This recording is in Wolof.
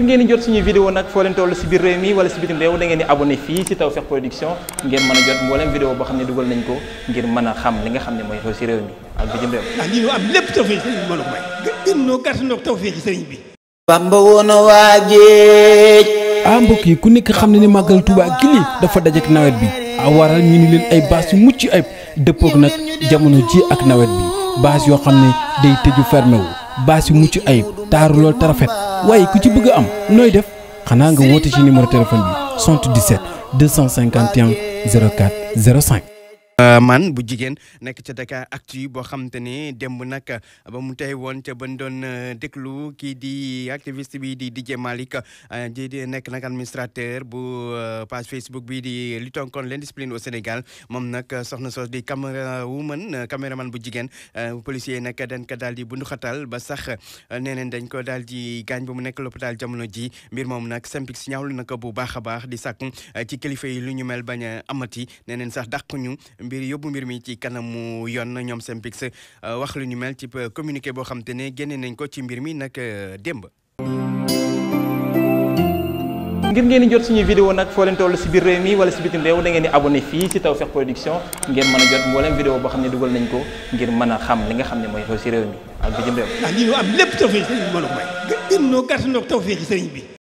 ngir ngeen di jot suñuy vidéo nag foo leen toll si biir réew mi wala si bitim réew da ngeen di abonné fii si Tawfekh Production ngeen mën a jot mboolem vidéo boo xam ne dugal nañ ko ngir mën a xam li nga xam ne mooy xew si réew mi ak bitim réew. Ah, ndax bi mën a may. gën noo gàtt a ah, mbokk yi ku nekk xam ne ne màggal Tuubaa gi nii dafa dajeek nawet bi a ah, waral ñu ni leen ay baas yu mucc ayib dëppook nag jamono ji ak nawet bi baas yoo xam ne day tëju fermé wu baas yu mucc ayib taaru lool tarafet waaye ku ci bëgg am nooy def xanaa nga woote ci numéro téléphone bi 77 251 04 05. Euh, man bu jigéen nekk ca Dakar Actu boo xam te ne nag euh, ba mu tey woon ban doon euh, déglu kii di activiste bi di DJ Malick di nekk nag administrateur bu page Facebook bi di lutte contre l'indiscipline au Sénégal moom nag soxna soos di caméra woman caméraman bu jigéen policier nag dañ ko daal di bunduxatal ba sax nee neen dañ ko daal di gaañ ba mu nekk l'hôpital jamono ji mbir moom nag Synpics ñaawlu na ko bu baax a baax di sàkku ci kilifa yi lu ñu mel bañ a amati nee neen sax dàquñu mbir yóbbu mbir mi ci kanamu yoon na ñoom Synpics euh, wax lu ñu mel ci communiqué boo xam te ne génne nañ ko ci mbir mi nag euh, démb. ngir ngeen di jot suñu vidéo nag foo leen toll si biir réew mi wala si bitim réew da ngeen di abonné fii si Tawfekh Production ngeen mën a jot mboolem vidéo boo xam ne dugal nañ ko ngir mën a xam li nga xam ne mooy xew si réew mi ak bitim réew. ndax ah, lii am lépp Tawfekh sëriñ bi mën a may. gën noo bi.